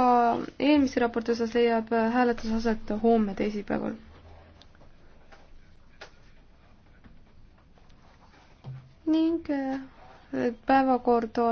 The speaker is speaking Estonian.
aga eelmise raporti osas leiab hääletus aset homme teisipäeval. ning äh, päevakord on